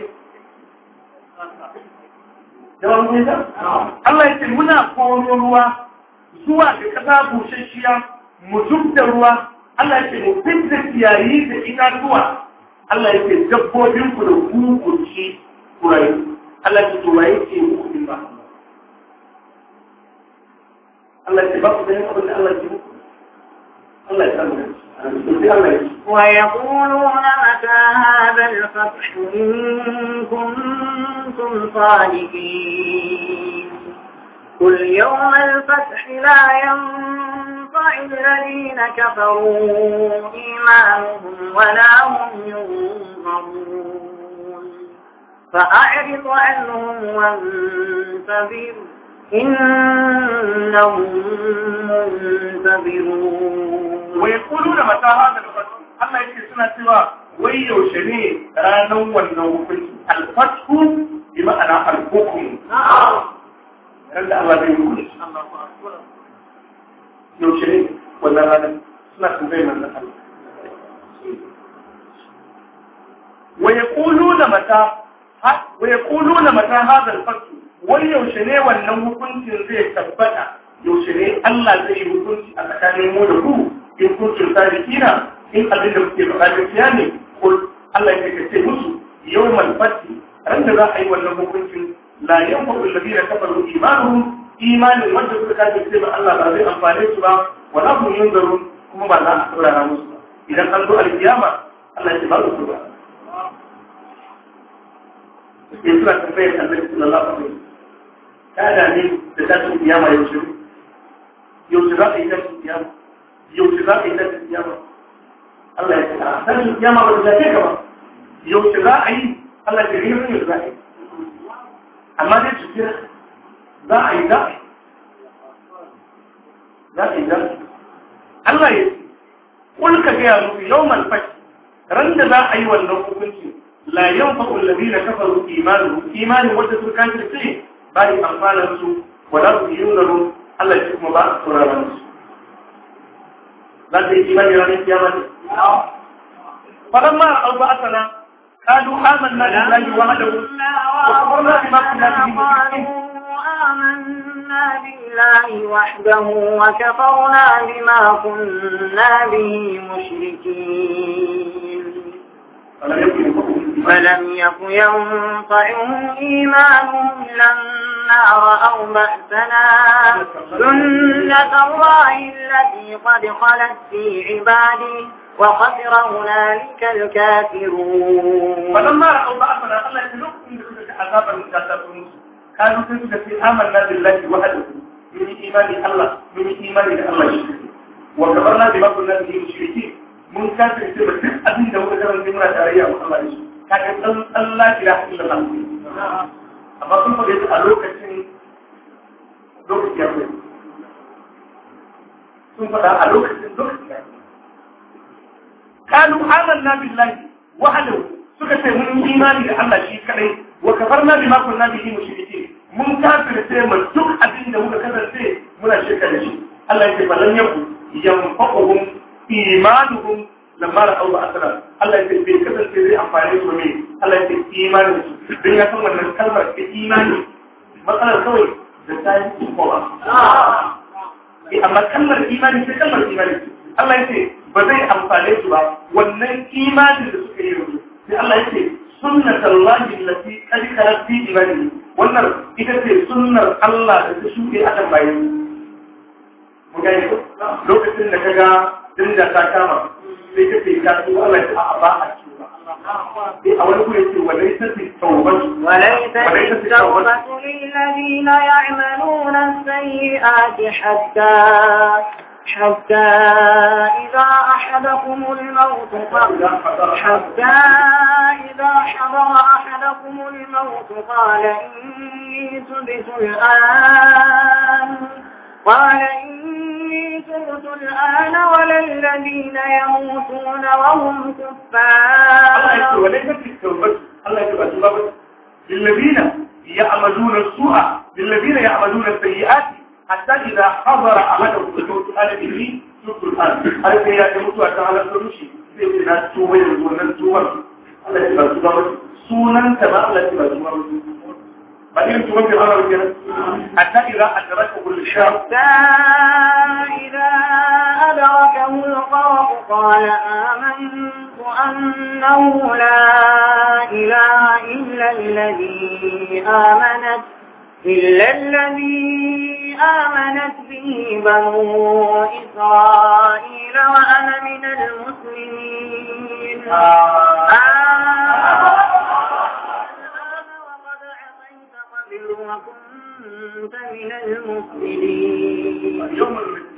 Allah ya ce muna koro ruwa zuwa ga kasa bushashiya mu zub da ruwa Allah ya ce mu fitta ciyayi da itatuwa Allah ya ce dabbobin ku da ku ku ci ku rayu Allah ya ce to waye ke muku ba الله الله الله ويقولون متى هذا الفتح إن كنتم صادقين قل يوم الفتح لا ينفع الذين كفروا إيمانهم ولا هم ينظرون فأعرض عنهم وانتظروا إنهم منتظرون ويقولون متى هذا الفتح الله يكسنا سوى ويوشني رانا والنوفل الفتح بمعنى الحكم نعم عند الله ولا سنة ويقولون متى ويقولون متى هذا الفتح Wani yaushe ne wannan hukuncin zai tabbata yaushe ne Allah zai yi hukunci a tsakanin mu da ku in kuntum kina in abin da kuke faɗa gaskiya ne ko Allah ya kace musu yawmal fath ran da za a yi wannan hukuncin la yanfa'u alladhina kafaru imanuhum imanin wanda suka kace sai ba Allah ba zai amfane su ba wala hum yunzarun kuma ba za a saurara musu ba idan an zo alkiyama Allah ya ba su ba sai suna tambayar Allah ya alaihi wasallam ta dame da za tashin kiyama yaushe yaushe za ka yi tashin kiyama yaushe za ka yi tashin kiyama Allah ya ce a tashin kiyama ba ta shafe ka ba yaushe za a yi Allah ya yi yaushe za a yi amma dai su kira za a yi za a yi za a yi za a yi Allah ya ce kulka gaya musu yau malfashi ran da za a yi wannan hukunci la yau fa'ul ladina kafaru imanu imani wanda sun kafirce ba yi su su yi nuna Allah shi kuma ba su sauraron su za su yi imani ranar kiyama ne faɗan ma a ba asana قالوا آمنا بالله وحده وكفرنا بما كنا به مشركين آمنا بالله وحده وكفرنا بما كنا به مشركين فلم يك ينطعهم إيمانهم لما رأوا بأسنا سنة الله التي قد خلت في عباده وخسر هنالك الكافرون فلما رأوا بأسنا الله من عذابا مجازة كانوا تجد الذي بالله وحده من إيمان الله من إيمان الله وكبرنا بما كنا به مشركين من كافر سبب أبين دولة من تاريخ الله يسلم kaga tsantsan lafiya sun da lafiya amma sun fage a lokacin lokacin ya sun faɗa a lokacin lokacin ya kalu amanna billahi wahdahu suka ce mun imani da Allah shi kadai wa kafarna bima kunna bihi mushrikeen mun kafirce mu duk abin da muka kasance muna shirka da shi Allah ya ce balan yaku yanfa'uhum imanuhum lamma da Allah sanar. Allah ya ce bai kasance zai amfani su ne Allah ya ce imanin su don ya san wannan kalmar ta imani matsalar kawai da ta yi kowa eh, amma kalmar imani sai kalmar imani Allah ya ce ba zai amfane su ba wannan imanin da suka yi yanzu sai Allah ya ce sunnatar lahi lati kalkalar fi imani wannan ita ce sunnar Allah da ta shuke a kan bayan mu gani lokacin da kaga dinda ta kama sai التوبة للذين يعملون السيئات حتى حتى إذا أحدكم الموت حتى إذا حضر أحدكم الموت قال إني تبت الآن قال إني تبت الآن ولا الذين يموتون وهم كفار وليست التوبة الله يتبع التوبة للذين يعملون السوء للذين يعملون السيئات حتى إذا حضر أحدهم الموت أنا إني تبت الآن أنا سيئات يموت وأتعالى السلوشي بإذن التوبة يموتون التوبة الله يتبع التوبة سونا كما الله يتبع التوبة بعدين تودي هذا الكلام حتى إذا أدركه الشرق إذا أدركه الغرق قال آمنت أنه لا إله إلا الذي آمنت إلا الذي آمنت به بنو إسرائيل وأنا من المسلمين آه.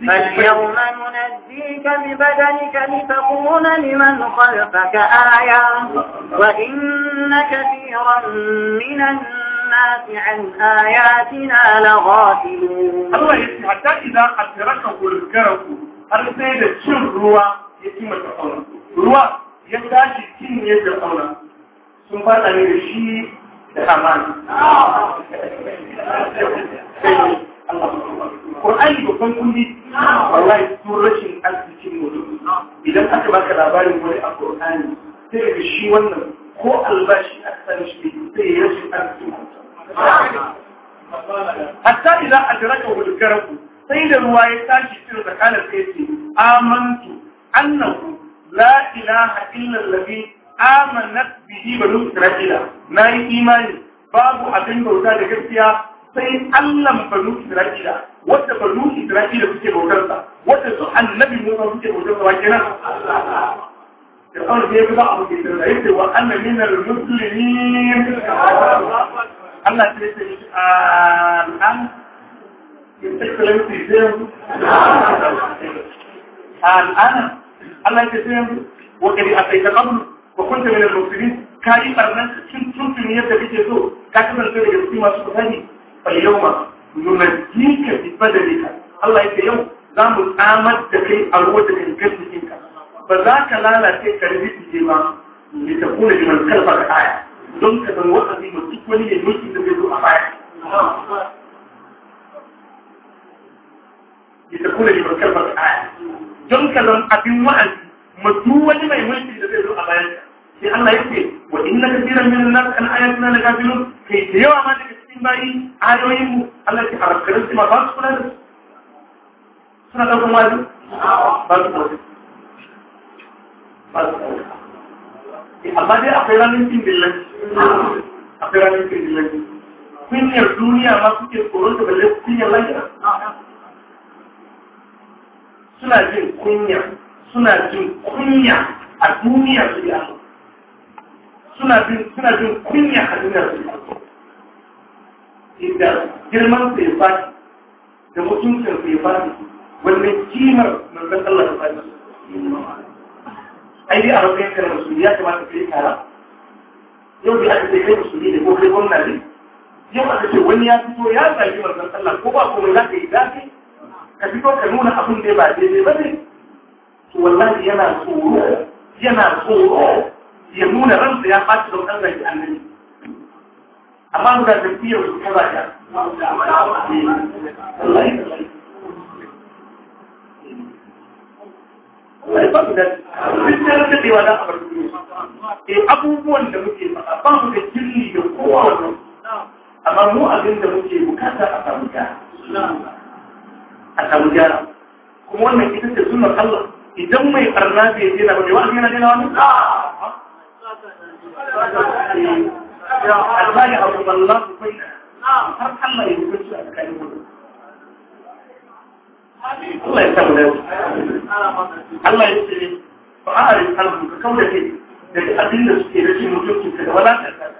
فاليوم ننزيك ببدنك لتكون لمن خلفك آية وإن كثيرا من الناس عن آياتنا لغافلون الله يسمع حتى إذا أدركه الكرم أرسل الشر روا يتم التصور روا يتاشي كم يتصور sun fata ne da shi da hamani. Ƙur'ani babban kundi wallahi tun rashin arzikin mutum idan aka baka labarin wani a Qur'ani sai ga shi wannan ko albashi a san shi sai ya rashin arzikin mutum hatta idan adraka wal karaku sai da ruwa ya tashi cikin zakalar sai ce amantu annahu la ilaha illa allazi amanat bihi banu Na yi imani babu abin bauta da gaskiya sai Allah banu isra'ila wanda farnuki Isra'ila suke bautarsa wanda su annabi Musa suke bautarsa wa kenan Fir'aun sai ya ga abu ke da yake wa anna min al-muslimin Allah sai ya ce an excellency zai an an Allah ya ce wa kadi asaita qabl wa kunta min al-muslimin kai barnan tun tun ne da kake so ka kasance daga cikin masu kusani fa yawma ان ينجيك في بدلك الله يكيوم لامو الآمد تكي الوضع الكثيرينك فذاك لا لا تكريبت جيما لتكون جمال كلفة الآية دونك تنوحة بيما تكوني ينوشي تبيضو أبايا لتكون جمال كلفة الآية دونك لم أبيوا أن مدوة لما ينوشي تبيضو أبايا لأن الله يكي وإن كثيرا من الناس أن آياتنا لكافلون كي تيوى ما تكتبه cikin bayi ayoyin mu Allah ke arabkarin su ma ba su kula da su suna ɗaukar wazi ba su kula ba su kula eh, amma dai akwai ranar cin dillan akwai ranar cin dillan kunyar duniya ma kuke tsoron da balle kunyar lahira suna jin kunya suna jin kunya a duniya su yi suna jin kunya a duniya su yi inda girman sa ya faɗi da mutuncin sa ya faɗi wannan kimar manzan Allah ya faɗi ai a rubutun masu musulmi ya kamata kai kara yau da aka ce kai musulmi da ko kai gwamna ne yau aka ce wani ya fito ya zagi manzon Allah ko ba komai za ka yi zafi ka fito ka nuna abin da ba daidai ba ne to wallahi yana tsoro yana tsoro ya nuna ransa ya ɓaci da wannan zagi annabi amma da tafiya su kuma ta ba da sun da daɗewa eh, abubuwan da muke ba mu da jirgi da kowa wannan amma mu abin da muke bukata a samu gyara a samu gyara kuma wannan ita ce idan mai barna bai jina ba jina wani albani abu ballan kai har Allah ya hukunci a kai gudu Allah ya samu da Allah ya ce ba a yi kalbu ka kauna kai daga abin da suke da cin mutuncin ka da wadatar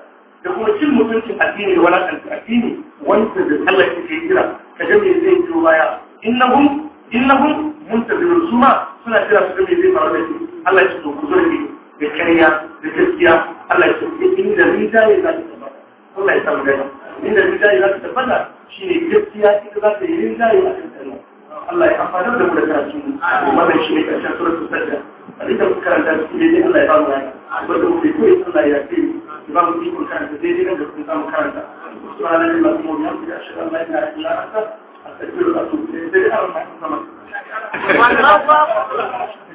da kuma cin mutuncin addini da wadatar addini wanda da Allah ya ce jira ka ga me zai biyo baya innahum innahum muntazirun suma suna jira su ga me zai faru da shi Allah ya ce to ku zo da da kariya da gaskiya Allah ya sauke da rinjaye za ta tabbata Allah ya samu gani da rinjaye za ta tabbata shine gaskiya ita za ta yi rinjaye a kan kalma Allah ya amfana da mu da karatu wannan shi ne karshen suratul sajda a dukkan karanta su ne Allah ya ba mu a wanda mu fito Allah ya fi ba mu iko karanta dai dai da kun samu karanta subhanallahi wa bihamdihi ashhadu an la ilaha illa anta astaghfiruka wa atubu ilayk sai Allah ya